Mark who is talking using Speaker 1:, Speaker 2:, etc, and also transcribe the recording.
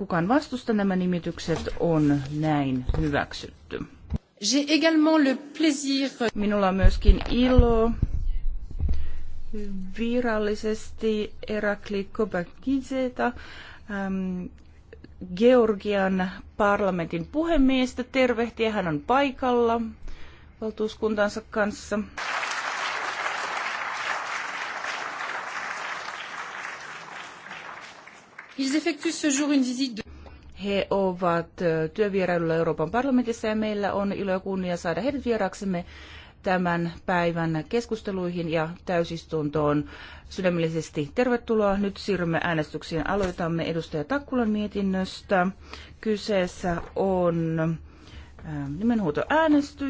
Speaker 1: kukaan vastusta, nämä nimitykset on näin hyväksytty. Minulla on myöskin ilo virallisesti Erakli Kobakizeta, ähm, Georgian parlamentin puhemiestä tervehtiä. Hän on paikalla valtuuskuntansa kanssa.
Speaker 2: Ils effectuent ce jour une visite
Speaker 1: de... He ovat työvierailulla Euroopan parlamentissa ja meillä on ilo ja kunnia saada heidät vieraksemme tämän päivän keskusteluihin ja täysistuntoon. Sydämellisesti tervetuloa. Nyt siirrymme äänestyksiin. Aloitamme edustaja Takkulan mietinnöstä. Kyseessä on äänestys.